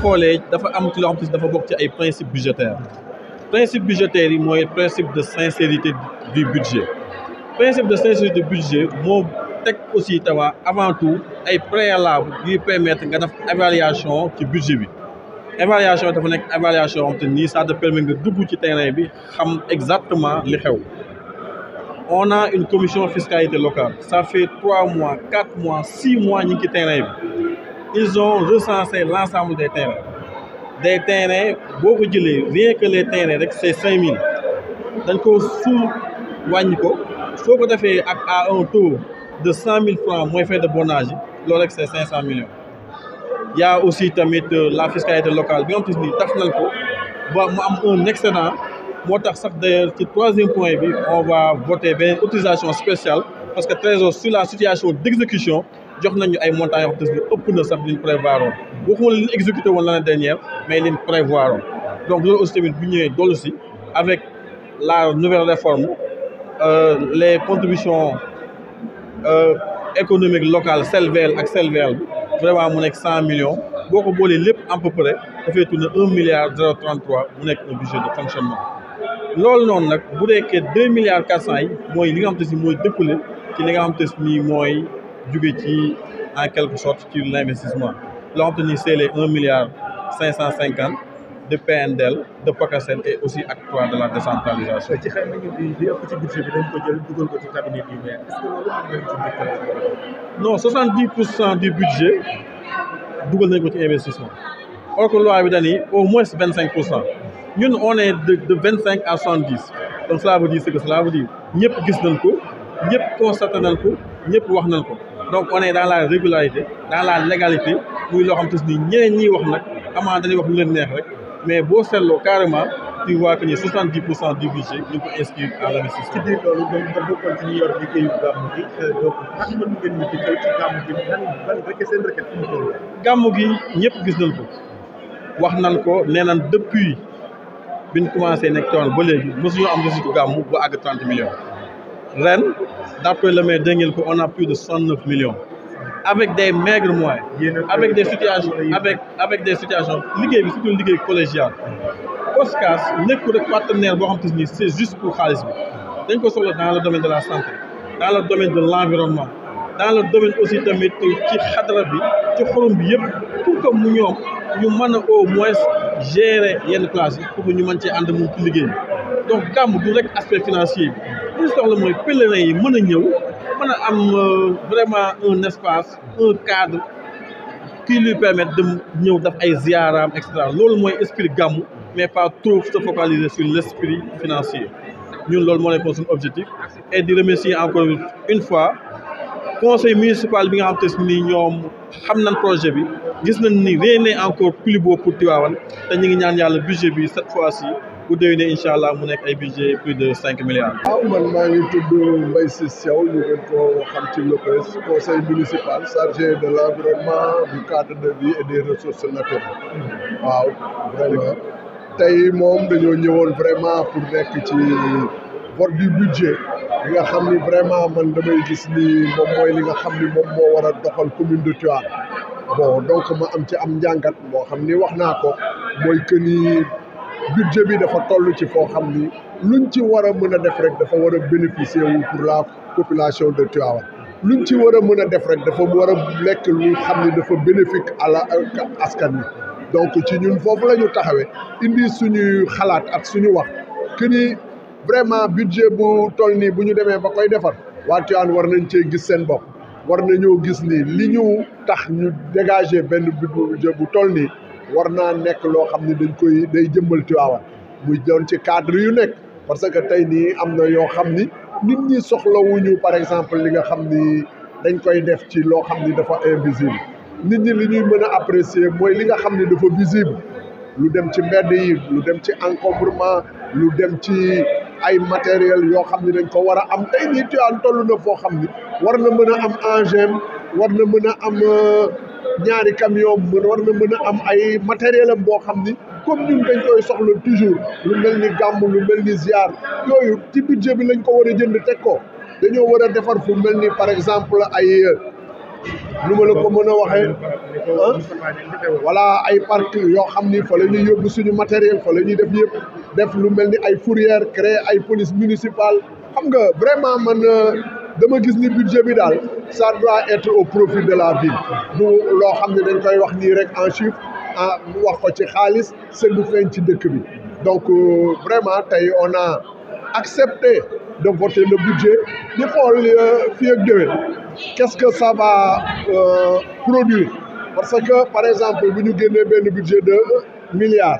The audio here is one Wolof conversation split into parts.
xoolee dafa am ci loo xam dafa bokk ci ay principe budgétaire principe budgétaire yi mooy principe de sincérité du budget principe de sincérité du budget moo teg aussi tawa avant tout ay préalable yuy permettre nga def évaluation ci budget bi évaluation dafa nekk évaluation xam te nii ça permet nga dugg ci terrain bi xam exactement li xew on a une commission fiscalité locale ça fait trois mois quatre mois six mois ñu ci terrain bi ils ont recensé l'ensemble des terrains des terrains boo ko jëlee rien que les terrains rek c'est cinq dañ ko su wàññi ko soo ko defee ak à un taux de cent mille francs mooy frais de bonnage yi loolu rek c'est cent millions y aussi tamit euh, la fiscalité locale bi nga xam ni tax nañ ko ba mu am un excédent moo tax sax d'ailleurs ci troisième point bi on va voter benn autorisation spéciale parce que trésor sur la situation d'exécution jox nañu ay montants yoo xam ne ëpp na sax liñ prévoir woon waxuma liñ exécuté woon l'année dernière mais liñ prévoir woon donc loolu aussi tamit bu ñëwee dollu si avec la nouvelle réforme euh, les contributions euh, économiques locales CELVL ak CELVL vraiment mu nekk cent millions boo ko boolee lépp à peu près dafay tourner un milliard zéro trente trois mu nekk un budget de fonctionnement loolu noonu nag bu nekkee deux milliards quatre cent yi mooy li nga xam te si mooy découlé ci li nga xam te si mooy jóge ci en quelque sorte ci l'investissement loo xam te ni c'est les un milliard cinq cent cinquante de PNDL de PACASEN et aussi acte trois de la décentralisation. ci ci budget bi dañ ko ko ci cabinet du maire est-ce que loolu non soixante dix pour cent du budget dugal nañ ko ci investissement or que loi bi dañuy au moins vingt cinq pour cent ñun on de vingt cinq à soixante dix donc cela veut dire ce que cela ñëpp gis nañ ko ñëpp constaté nañ ko ñëpp wax nañ ko. donc on est dans la régularité dans la légalité muy loo xam te ni ñeneen ñiy wax nag amaa dañuy wax lu leen neex rek mais boo seetloo carrément tu vois que ni 70 pour cent du budget ñu ngi ko inscrire à yor liggéeyu gàmmu gi donc xam ñëpp gis nañ ko wax nañ ko nee nañ depuis bi ñu commencé nekk tool ba léegi mosuñu am résultat gàmmu ba àgg 30 millions. ren d'après le maire dégg ko on a plus de cent neuf millions avec des maigres moyens avec des situations avec avec des situations liggéey bi surtout liggéey collégial Coskas nekkul rek partenaire boo xam te ni c'est juste pour bi dañ ko soxla dans le domaine de la santé dans le domaine de l'environnement dans le domaine aussi tamit ci xadra bi ci xorom bi yëpp pour que mu ñoom ñu mën au moins gérer yenn place yi pour ñu mën ci ànd mu ci liggéey donc gàmm du rek aspect financier bi li soxla mooy pèlerins yi mën a ñëw mën a am euh, vraiment un espace un cadre qui lui permette de ñëw daf ay ziaraam et cetera loolu mooy esprit gàmmu mais pas trop se focaliser sur l' esprit financier ñun loolu moo nekkoon suñu objectif et di remercier encore une fois conseil municipal bi nga xam te ni ñoom xam nañ projet bi gis nañ ni rien n'est encore plus beau pour Tivaouane te ñu ngi ñaan yàlla budget bi cette fois-ci bu déwénee incha allah mu nekk ay budget plus de cinq milliards. waaw ah, man maa ngi tudd Mbaye Ciss Thiaw ñu gën ko xam ci Lopez conseil municipal chargé de l' environnement du cadre de vie et des ressources naturelles. waaw vraiment tey moom dañoo ñëwoon vraiment pour nekk ci vote du budget. nga xam ni vraiment man damay gis ni moom mooy li nga xam ni moom moo war a doxal commune de Tivaouane bon donc ma am ci am njàngat boo xam ni wax naa ko mooy que budget bi dafa toll ci foo xam ni luñ ci war a mën a def rek dafa war a bénéficier pour la population de Tivaouane luñ ci war a mën a def rek dafa war a lekk lu xam ni dafa bénéfique à askan wi donc ci ñun foofu la ñu taxawee indi suñuy xalaat ak suñu wax que vraiment budget bu toll nii bu ñu demee ba koy defar waa Tivaouane war nañ cee gis seen bopp war nañoo gis ni li ñu tax ñu dégager benn budget bu toll nii war naa nekk loo xam ne dañ koy day jëmbal Tiwaawan muy doon ci cadre yu nekk parce que tey nii am na yoo xam ni nit ñi soxlawuñu par exemple li nga xam ni dañ koy def ci loo xam ni dafa invisible nit ñi li ñuy mën a apprécier mooy li nga xam ni dafa visible lu dem ci mbedd yi lu dem ci encombrement lu dem ci ay matériel yoo xam ni dañ ko war a am tey nii Tiwaawan toll na foo xam ni war na mën a am engin war na mën a am euh, ñaari camion mën war na mën a am ay matériel am boo xam ni comme ñun dañ koy soxla toujours lu mel ni gàmm lu mel ni ziar yooyu ci budget bi lañ ko war a jënd teg ko dañoo war a defar fu mel ni par exemple ay euh, nu ma la ko mën a waxee ah voilà ay parc yoo xam ni fa la ñuy yóbbu suñu matériel fa ñuy def yëpp def lu mel ni ay fourrière créer ay police municipale xam nga vraiment man. Euh, dama gis ni budget bi daal ça doit être au profit de la ville du loo xam ne dañ koy wax nii rek en chiffre ah wax ko ci xaalis seen du feeñ ci dëkk bi donc euh, vraiment tey on a accepté de voter le budget di xool euh, fii ak déwén qu'est-ce que ça va euh, parce que par exemple bu ñu génnee benn budget de milliard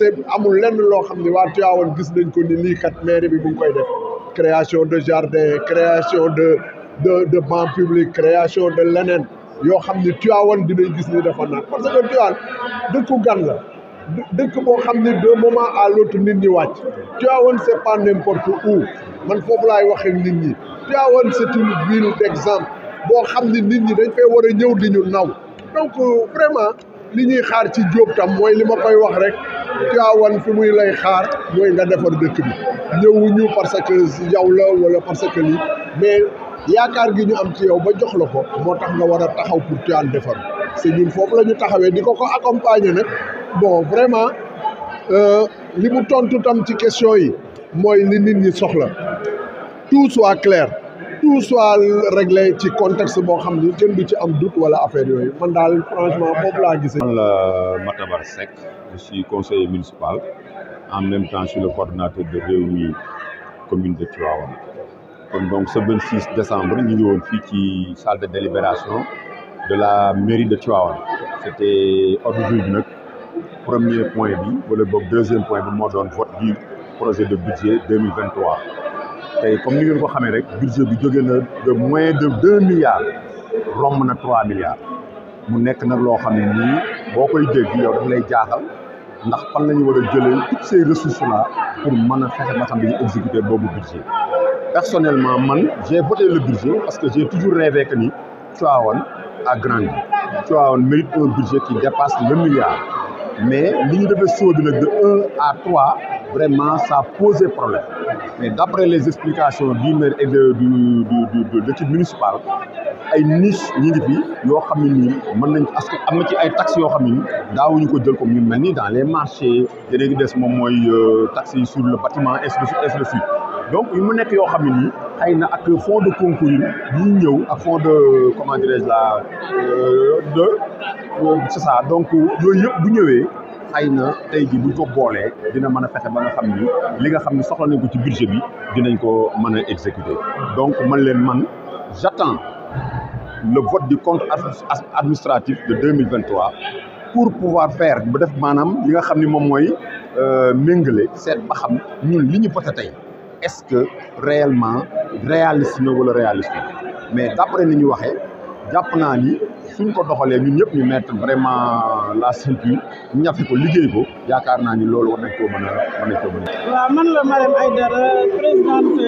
c'est amul lenn loo xam ne waa Tivaouane gis nañ ko ni lii kat mairie bi bu ngi koy def création de jardin création de de de banc public création de leneen yoo xam ni Tivaouane dinañ gis ni dafa naan parce que Tivaouane dëkku gan la dëkk boo xam ni de moment à l'autre nit ñi wàcc Tivaouane c'est pas n'importe où man foofu laay waxee nit ñi Tivaouane c'est une ville d'exemple boo xam ni nit ñi dañ fay war a ñëw di ñu naw donc euh, vraiment li ñuy xaar ci jóob tam mooy li ma koy wax rek Tivaouane fi muy lay xaar mooy nga defar dëkk bi ñëwuñu parce que yow la wala parce que lii mais yaakaar gi ñu am ci yow ba jox la ko moo tax nga war a taxaw pour Tivaouane defar c'est foofu la ñu taxawee di ko ko accompagner nag bon vraiment euh, li mu tontu tam ci question yi mooy li nit ñi soxla tout soit clair. tout soit réglé ci context boo xam ni kenn du ci am doute wala affaire yooyu man daal franchement boobu laa gisee. man la Matabar Seck je suis conseiller municipal en même temps je suis le coordonnateur de Rewmi commune de ci kon donc ce 26 décembre ñu ngi woon fii ci salle de délibération de la mairie de Tivaouane c' était ordre nag premier point bi wala boog deuxième point bi moo doon vote du projet de budget tey comme ni ngeen ko xamee rek budget bi jóge na de moins de deux milliards romb na trois milliards mu nekk na loo xam ne nii boo koy dégg yow daf lay jaaxal ndax fan la ñu war a jëlee toutes ces ressources là pour mën a fexe ba xam ñu exécuter boobu budget personnellement man j'ai voté le budget parce que j'ai toujours rêvé que ni Tivaouane a grandi Tivaouane mérite un budget qui dépasse le milliard mais li ñu defee sóobi nag de un à trois vraiment ça posait problème mais d' après les explications du maire et de du du de municipale ay niche ñi ngi fi yoo xam ni nii mën nañ parce que am na ci ay taxes yoo xam ne daawuñu ko jël comme ñu mel ni dans les marché yeneen gi des moom mooy euh, taxes yi sur le bâtiment ainsi de donc mu nekk yoo xam ne nii xëy na ak fonds de concours yi ñëw ak fonds de comment dirais-je la euh, de euh, c'est ça donc yooyu yëpp bu ñëwee xëy na tey jii buñ ko boolee dina mën a fexe ba nga xam ni li nga xam ni soxla nañ ko ci budget bi dinañ ko mën a exécuter donc man leen man j'attends le vote du compte administratif de 2023 pour pouvoir faire ba def maanaam li nga xam ni moom mooy euh, méngule seet ba xam ñun li ñu voté tey est-ce que réellement réaliste na wala réaliste mais d'après ni ñu waxee jàpp naa ni suñ ko doxalee ñun ñëpp ñu mettre vraiment la ceinture ñafe ko liggéey ko yaakaar naa ni loolu war ko koo mën a war nañ koo mën a. waaw man la Marème Aïdara présidente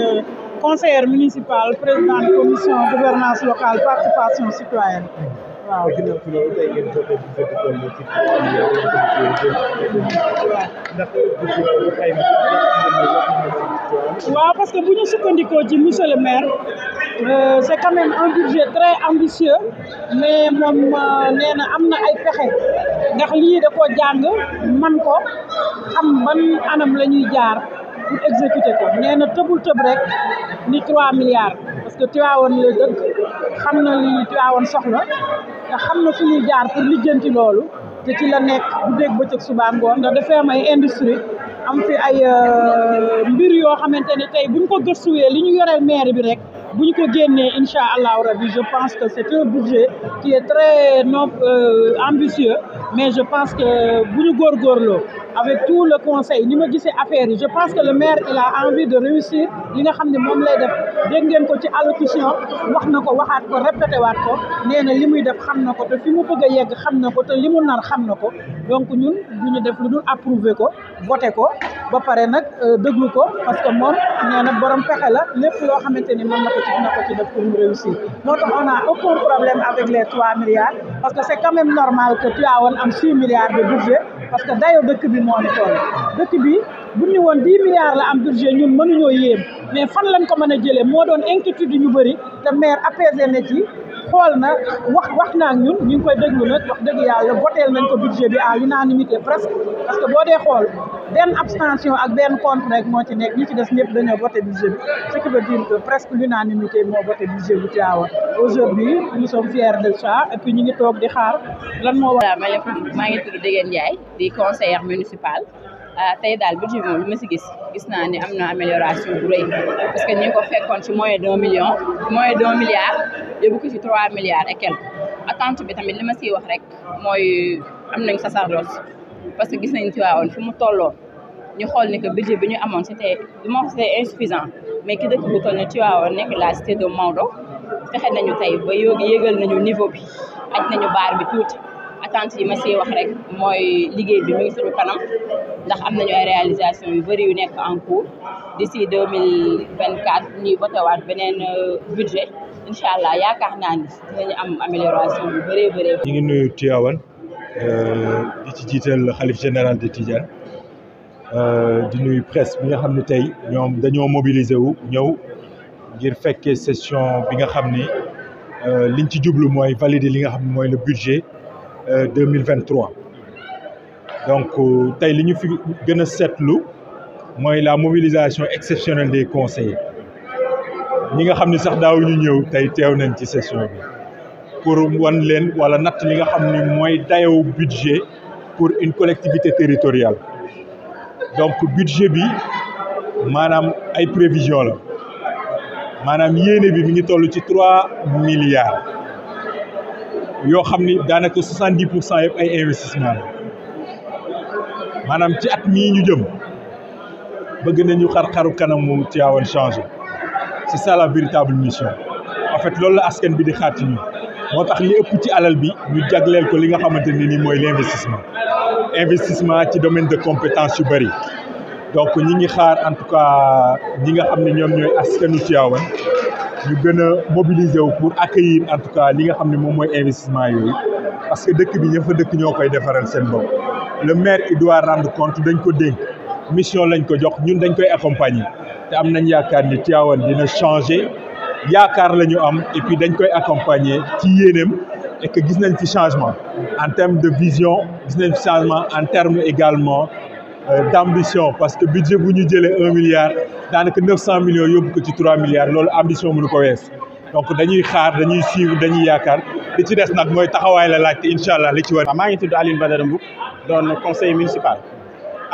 conseillère municipale présidente commission gouvernance locale participation citoyenne. waaw ginnaaw ci loolu tey ci jot ko ci ci ndax waaw bu ñu sukkandikoo ci monsieur maire c' est quand même très ambitieux mais moom nee na am na ay pexe ndax lii da koo jàng man ko xam ban anam la jaar pour exécuter ko nee na tëbul tëb rek ni 3 milliards. que Tiwaawoon la xam na li Tiwaawoon soxla te xam na fu ñuy jaar pour lijjanti loolu te ci la nekk bu dégg bëccëg subaa ngoon ndax dafay am ay industrie am fi ay euh, mbir yoo xamante ne tey bu ñu ko gëstuwee li ñu yoreel maire bi rek bu ñu ko génnee incha allahu rabi je pense que c'est un budget qui est très non euh, ambitieux mais je pense que bu ñu góor góorgóorloo avec tout le conseil ni ma gisee affaire yi je pense que le maire il a envie de réussir li nga xam ne moom lay def dégg ko ci allocution wax na ko waxaat ko répété waat ko nee li muy def xam na ko te fi mu bëgg a yegg xam na ko te li mu nar xam na ko donc ñun du ñu def lu dul approuvé ko voté ko ba pare nag euh, déglu ko parce que moom nee na borom pexe la lépp loo xamante ni mën na ko ci dina ko mu réussir moo tax on a aucun problème avec les trois que c'est quand même normal que Tivaouane am parce que dayoo dëkk bi moom ni dëkk bi bu ñu woon dix milliards la am budget ñun mënuñoo yéem mais fan lañ ko mën a jëlee moo doon inquiétude yu ñu bëri te maire apaisé na ci xool na wax wax naa ñu ñu ngi koy déglu nag wax dëgg yàlla voteel nañ ko budget bi à l'unanimité presque parce que boo dee xool benn abstention ak benn contre rek moo ci nekk ñi ci des ñëpp dañoo voté budget bi ce qui veut dire que presque moo voté budget bu Tivaouane aujourd'hui nous sommes fiers de ça et puis ñu ngi toog di xaar lan moo. waaw maa ngi tudd Degen Ndiaye di conseillère municipale. ah tey daal bu bi moom ma si gis gis naa ni am na amélioration bu rëy parce que ni ko fekkoon ci moyen d'un million moyen d'un milliard yóbbu ko ci trois milliards et quelque attente bi tamit li ma siy wax rek mooy am nañ sacerdoce parce que gis nañ ci waawoon fi mu tolloon ñu xool ni que budget bi ñu amoon c'était du ma wax c'était insuffisant mais ki dëkk bu toll ne ci waawoon nekk la cité de Maodo fexe nañu tey ba yóogi yégal nañu niveau bi aj nañu baar bi tuuti attente ma siy wax rek mooy liggéey bi mi ngi kanam ndax am nañu ay réalisation yu bëri nekk en cours d'ici deux mille vingt quatre ñuy botewaat beneen euh, budget incha allah yaakaar naa ni dinañu am amélioration yu bëree ngi nuyu Tivaouane euh, di ci jiital xalif général de Tidiane euh, di nuyu presse bi nga xam ne tey ñoom dañoo mobiliser wu ñëw ngir fekkee session bi nga xam ni liñ ci jublu mooy valider li nga xam ne mooy le budget. Euh, deux mille vingt trois donc euh, tey li ñu fi gën a seetlu mooy la mobilisation exceptionnelle des conseillers ñi nga xam ni sax daaw ñu ñëw tey teew nañ ci session bi pour wan leen wala natt li nga xam ni mooy dayow budget pour une collectivité territorial donc budget bi maanaam ay prévision la maanaam yéene bi mi ngi toll ci trois milliards yoo xam ni daanaka soixante dix cent yëpp ay investissement la maanaam ci at mii ñu jëm bëgg nañu xar-xaru kanam moom Tivaouane changé c'est ça la véritable mission en fait loolu la askan bi di xaar ci ñun moo tax li ëpp ci alal bi ñu jagleel ko li nga xamante ne ni mooy l'investissement investissement ci domaine de compétence yu bari donc ñi ngi xaar en tout cas ñi nga xam ne ñoom ñooy askanu Tivaouane ñu gën a mobiliser wu pour accueillir en tout cas li nga xam ne moom mooy investissement yooyu parce que dëkk bi ña fa dëkk ñoo koy defaral seen bopp le maire il doit rendre compte dañ ko dénk mission lañ ko jox ñun dañ koy accompagner te am nañ yaakaar ni Tivaouane dina changer yaakaar la am et puis dañ koy accompagner ci yéeneem et que gis nañ fi changement en terme de vision gis nañ fi changement en terme également Euh, d' ambition parce que budget bu ñu jëlee un milliard daanaka neuf cent millions yóbbu ko ci trois milliards loolu ambition mënu ko wees donc dañuy xaar dañuy suivre dañuy yaakaar li ci des nag mooy taxawaay la laajte incha allah li ci war. maa ngi tudd Alioune Badara Mboup doon conseil municipal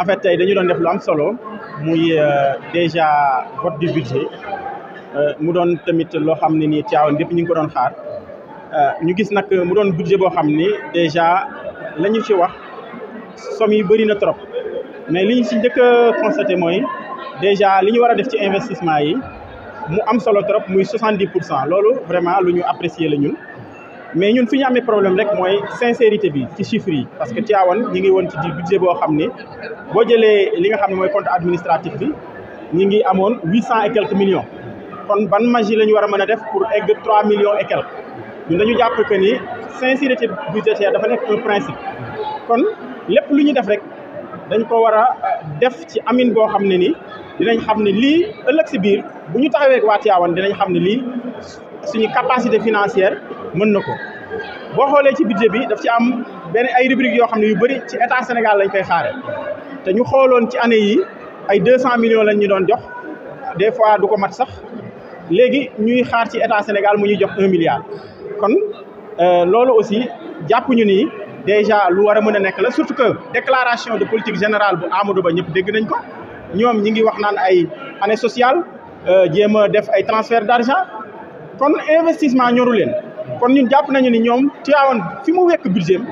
en fait tey dañu doon def lu am solo muy euh, déjà vote du budget euh, mu doon tamit loo xam ne nii Tivaouane yëpp ñu ngi ko doon xaar ñu gis nag mu doon budget boo xam ni déjà lañu ci wax somme yi bëri na trop. mais li ñu si njëkk a mooy déjà li ñu war a def ci investissement yi mu am solo trop muy 70 pour cent loolu vraiment lu ñu apprécier la ñun mais ñun fi ñu amee problème rek mooy sincérité bi ci chiffres yi parce que Tivaouane ñi ngi woon ci di budget boo xam ne boo jëlee li nga xam ne mooy compte administratif bi ñi ngi amoon huit cent et quelques kon ban magie la ñu war a mën a def pour egg trois millions et quelques ñun dañu jàpp que ni sincérité budgétaire dafa nekk un principe kon lépp lu ñu def rek dañ ko war a euh, def ci amin boo xam ne ni dinañ xam ne lii ëllëg si biir bu ñu taxawee ak waa Tivaouane dinañ xam ne lii suñu capacité financière mën na ko boo xoolee ci budget bi daf ci am benn ay rubrique yoo xam ne yu bëri ci état Sénégal lañ koy xaare te ñu xooloon ci année yi ay deux cent millions lañ ñu doon jox des fois du ko mat sax léegi ñuy xaar ci état Sénégal mu ñuy jox un milliard kon euh, loolu aussi jàppuñu nii déjà lu war a mën a nekk la surtout que déclaration de politique générale bu Amadou Ba ñëpp dégg nañ ko ñoom ñi ngi wax naan ay année sociale euh, jéem a def ay transfert d'argent kon investissement ñoru leen kon ñu jàpp nañu ni ñoom Tivaouane fi mu wekk budget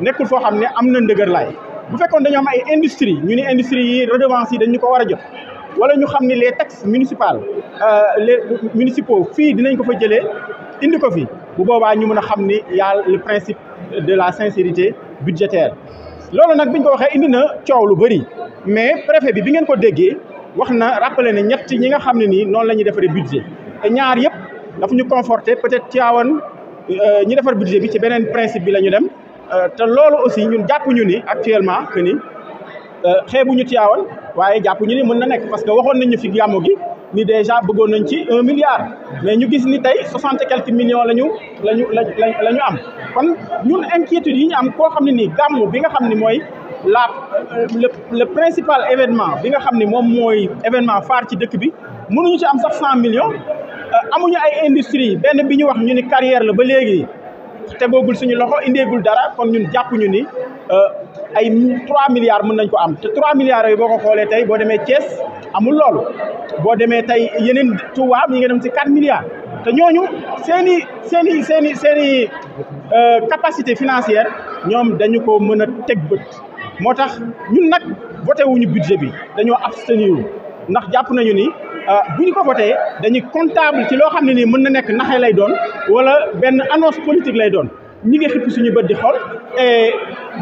nekkul foo xam ne am na ndëgër laay bu fekkoon dañoo am ay industrie ñu ni industrie yi redevance yi dañu ko war a jot wala ñu xam ni les taxes municipales euh, les municipaux fii dinañ ko fa jëlee indi ko fi bu boobaa ñu mën a xam ni yàlla le de la sincérité budgétaire loolu nag bi ñu ko waxee indi na coow lu bëri mais préfet bi bi ngeen ko déggee wax na rappelé ne ñett ñi nga xam ne nii noonu la ñuy defaree budget te ñaar yëpp dafa ñu conforté peut-être Tivaouane euh, ñi defar budget bi ci beneen principe bi la ñu dem euh, te loolu aussi ñun jàppuñu ni actuellement que ni euh, xeebuñu Tivaouane waaye jàppuñu ni mën na nekk parce que waxoon nañu fi gàmmu gi ni déjà bëggoon nañ ci un milliard mais ñu gis ni tey soixante quelques millions la ñu la ñu la la ñu am kon ñun inquiétude yi ñu am koo xam ne nii gàmmu bi nga xam ne mooy la le le principal bi nga xam ne moom mooy événement phare ci dëkk bi mënuñu ci am sax cent millions euh, amuñu ay industrie benn bi ñu wax ñu ni carrière la ba léegi te tegoogul suñu loxo indeegul dara kon ñun jàppuñu ni euh, ay 3 milliards mën nañ ko am te 3 milliards boo ko xoolee tey boo demee Thiès amul loolu boo demee tey yeneen Touba mi nga dem ci 4 milliards te ñooñu seen seeni seen i seen i seen euh, capacité financière ñoom dañu ko mën a teg bët moo tax ñun nag voté wuñu budget bi dañoo abstenir ndax jàpp nañu nii Euh, bu ñu ko voté dañuy comptable ci loo xam ne nii mën na nekk naxe lay doon wala benn annonce politique lay doon ñi ngi xipp suñu bët di xool et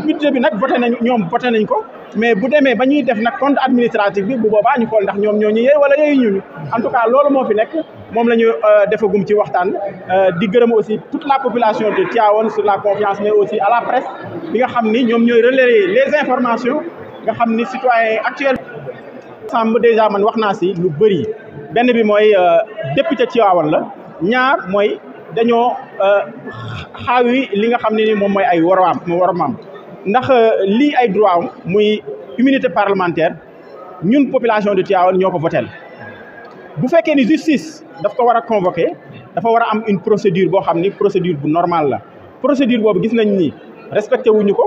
budget bi nag voté nañ ñoom voté nañ ko mais bu demee ba ñuy def na compte administratif bi bu boobaa ñu xool ndax ñoom ñoo ñu yee wala yooyu ñu en tout cas loolu moo fi nekk moom la ñu euh, defagum ci waxtaan euh, di gërëm aussi toute la population de Tivaouane sur la confiance mais aussi à la presse bi nga xam ni ñoom ñooy relayer les informations nga xam ni citoyens actuels. sàmm dèjà man wax naa si lu bëri benn bi mooy euh, député Tivaouane la ñaar mooy dañoo euh, xaawi li nga xam ne ni moom mooy ay warwaam warmaam ndax euh, lii ay droit am muy immunité parlementaire ñun population de Tivaouane ñoo ko votel bu fekkee ni justice daf ko war a convoqué dafa war a am une procédure boo xam ni procédure bu normal la procédure boobu gis nañ ni respecté wuñu ko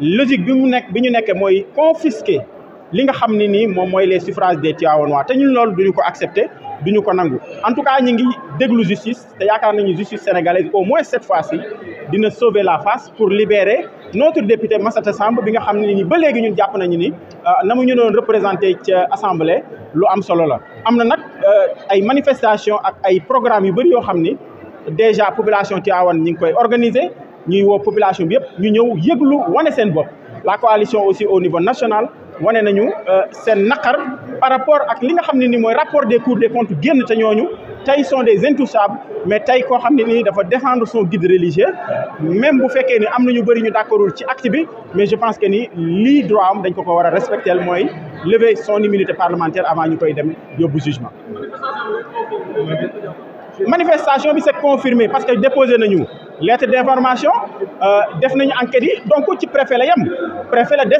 logique bi mu nekk bi ñu nekkee mooy confisquer li nga xam ni nii moom mooy les suffrages des Tivaouanois te ñun loolu duñu ko accepté duñu ko nangu en tout cas ñu ngi déglu justice te yaakaar nañu justice sénégalaise au moins cette fois si dina sauver la face pour libérer notre député Massata Samb bi nga xam ne nii ba léegi ñu jàpp nañu ni euh, na ñu doon représenté ca assemblée lu am solo la. am na nag euh, ay manifestation ak ay programmes yu bëri yoo xam ni déjà population Tivaouane ñu ngi koy organiser ñuy woo population yëpp ñu ñëw yëglu wane seen bopp la coalition aussi au niveau national. wane nañu euh, seen naqar par rapport ak li nga xam ne ni mooy rapport des cours des comptes génn te ñooñu tey sont des intouchables mais tey koo xam ne nii dafa défendre son guide religieux même bu fekkee ni am nañu ñu bëri ñu d'accordul ci acte mais je pense que ni lii droit am dañ ko ko war a respecter mooy lever son immunité parlementaire avant ñu koy dem yóbbu jugement. manifestation bi c'est confirmé parce que déposé nañu. lettre d'information euh, def nañu enquête yi donc ci préfet la yem préfet la des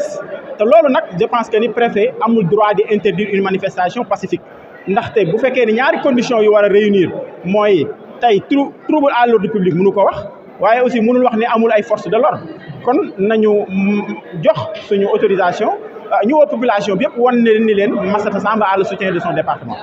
te loolu nag je pense que ni préfet amul droit di interdire une manifestation pacifique ndaxte bu fekkee ni ñaari conditions yu war a réunir mooy tey trouble à l'ordre public munu ko wax waaye aussi mënul wax ni amul ay force de l'ordre kon nañu jox suñu autorisation euh, ñu woo population bi yëpp wan ni leen Massata Samb a le soutien de son département